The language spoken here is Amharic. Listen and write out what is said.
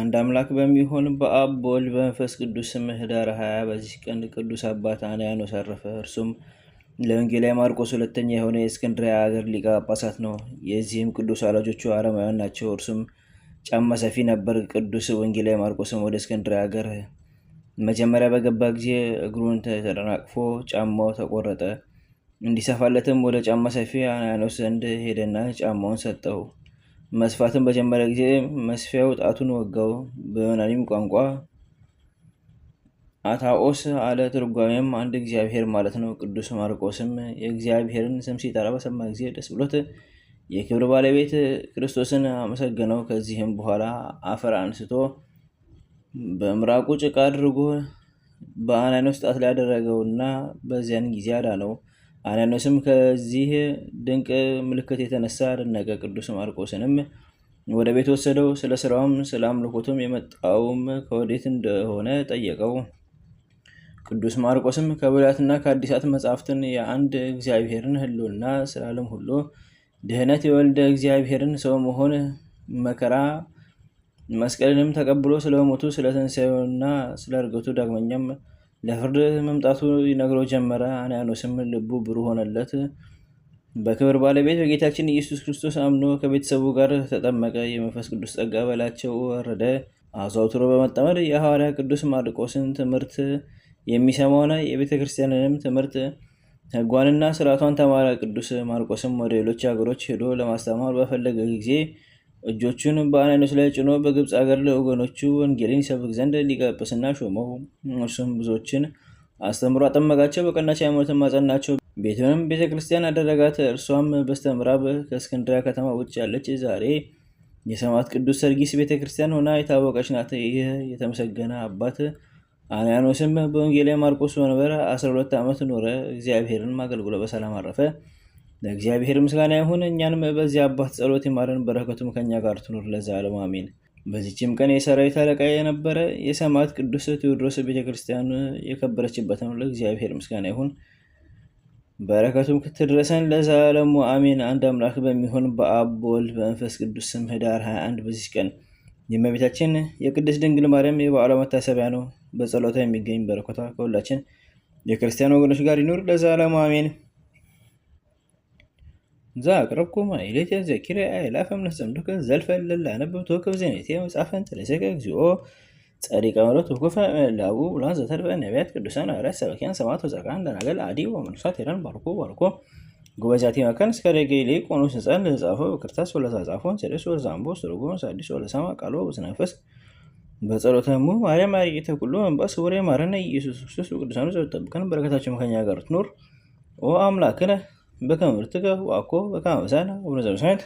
አንድ አምላክ በሚሆን በአብ በወልድ በመንፈስ ቅዱስ ስም ኅዳር 20 በዚህ ቀን ቅዱስ አባት አንያኖስ አረፈ። እርሱም ለወንጌላዊ ማርቆስ ሁለተኛ የሆነ የእስክንድርያ ሀገር ሊቀ ጳጳሳት ነው። የዚህም ቅዱስ ወላጆቹ አረማውያን ናቸው። እርሱም ጫማ ሰፊ ነበር። ቅዱስ ወንጌላዊ ማርቆስም ወደ እስክንድርያ አገር መጀመሪያ በገባ ጊዜ እግሩን ተደናቅፎ ጫማው ተቆረጠ። እንዲሰፋለትም ወደ ጫማ ሰፊ አንያኖስ ዘንድ ሄደና ጫማውን ሰጠው። መስፋትን በጀመረ ጊዜ መስፊያው ጣቱን ወጋው። በዮናኒም ቋንቋ አታኦስ አለ። ትርጓሜም አንድ እግዚአብሔር ማለት ነው። ቅዱስ ማርቆስም የእግዚአብሔርን ስም ሲጠራ በሰማ ጊዜ ደስ ብሎት የክብር ባለቤት ክርስቶስን አመሰገነው። ከዚህም በኋላ አፈር አንስቶ በምራቁ ጭቃ አድርጎ በአናኒዎስ ጣት ላይ ያደረገውና በዚያን ጊዜ አዳነው። አንያኖስም ከዚህ ድንቅ ምልክት የተነሳ አደነቀ። ቅዱስ ማርቆስንም ወደ ቤት ወሰደው። ስለ ስራውም ስለ አምልኮቱም የመጣውም ከወዴት እንደሆነ ጠየቀው። ቅዱስ ማርቆስም ከብሉያትና ከአዲሳት መጻሕፍትን የአንድ እግዚአብሔርን ሕልውና ስለ ዓለም ሁሉ ድህነት የወልደ እግዚአብሔርን ሰው መሆን መከራ መስቀልንም ተቀብሎ ስለሞቱ ስለ ስለእርገቱ ስለ ዳግመኛም ለፍርድ መምጣቱ ይነግረው ጀመረ። አንያኖስም ልቡ ብሩህ ሆነለት። በክብር ባለቤት በጌታችን ኢየሱስ ክርስቶስ አምኖ ከቤተሰቡ ጋር ተጠመቀ። የመንፈስ ቅዱስ ጸጋ በላቸው ወረደ። አዘውትሮ በመጠመድ የሐዋርያ ቅዱስ ማርቆስን ትምህርት የሚሰማ ሆነ። የቤተ ክርስቲያንንም ትምህርት ሕጓንና ስርዓቷን ተማረ። ቅዱስ ማርቆስም ወደ ሌሎች ሀገሮች ሄዶ ለማስተማር በፈለገ ጊዜ እጆቹን በአናኖስ ላይ ጭኖ በግብፅ አገር ለወገኖቹ ወንጌልን ይሰብክ ዘንድ ሊቀ ጵስና ሾመው። እርሱም ብዙዎችን አስተምሮ አጠመቃቸው፣ በቀናች ሃይማኖትም አጸናቸው። ቤቱንም ቤተ ክርስቲያን አደረጋት። እርሷም በስተ ምዕራብ ከእስክንድሪያ ከተማ ውጭ ያለች ዛሬ የሰማዕት ቅዱስ ሰርጊስ ቤተ ክርስቲያን ሆና የታወቀች ናት። ይህ የተመሰገነ አባት አናኖስም በወንጌላዊ ማርቆስ ወንበር 12 ዓመት ኖረ። እግዚአብሔርን አገልግሎ በሰላም አረፈ። ለእግዚአብሔር ምስጋና ይሁን። እኛንም በዚህ አባት ጸሎት ይማረን፣ በረከቱም ከኛ ጋር ትኑር ለዘላለም አሜን። በዚችም ቀን የሰራዊት አለቃ የነበረ የሰማዕት ቅዱስ ቴዎድሮስ ቤተክርስቲያን የከበረችበት ነው። ለእግዚአብሔር ምስጋና ይሁን፣ በረከቱም ክትድረሰን ለዘላለሙ አሜን። አንድ አምላክ በሚሆን በአብ በመንፈስ ቅዱስ ስም ህዳር 21 በዚች ቀን የእመቤታችን የቅድስት ድንግል ማርያም የበዓሏ መታሰቢያ ነው። በጸሎታ የሚገኝ በረከቷ ከሁላችን የክርስቲያን ወገኖች ጋር ይኑር ለዘላለሙ አሜን። ዛ አቅረብኩማ ኢሌትያ ዘኪረ ኣእላፈ ምነሰምዱከ ዘልፈልላ ኣነብብቶ ከብ ዘኔትየ መጽሓፈ ተለሰከ እግዚኦ ጸሪቀ መሎት ውኩፈ ላቡ ብላ ዘተርበ ነቢያት ቅዱሳን ሐዋርያት ሰበኪያን ሰማዕት ወጻድቃን ደናግል ኣዲ ወመንሳት ሄደን ባርኮ ባርኮ ጉበዛቲ መካን እስከ ቆኑ ቆኖስ ዝፃፈ ብክርታስ በክርታስ ወለተጻፎን ስልስ ወዛምቦ ስርጎን ሳዲስ ወለሰማ ቃሎ በስነፈስ በጸሎተሙ ማርያም ማሪጌተ ኩሉ መንባስ ወሬ ማረነ ኢየሱስ ክርስቶስ ቅዱሳኑ ዘጠብቀን በረከታቸው መከኛ ጋር ትኖር ኦ አምላክነ بكم ارتقى وأكو بكم وسانا وبنزل وسانت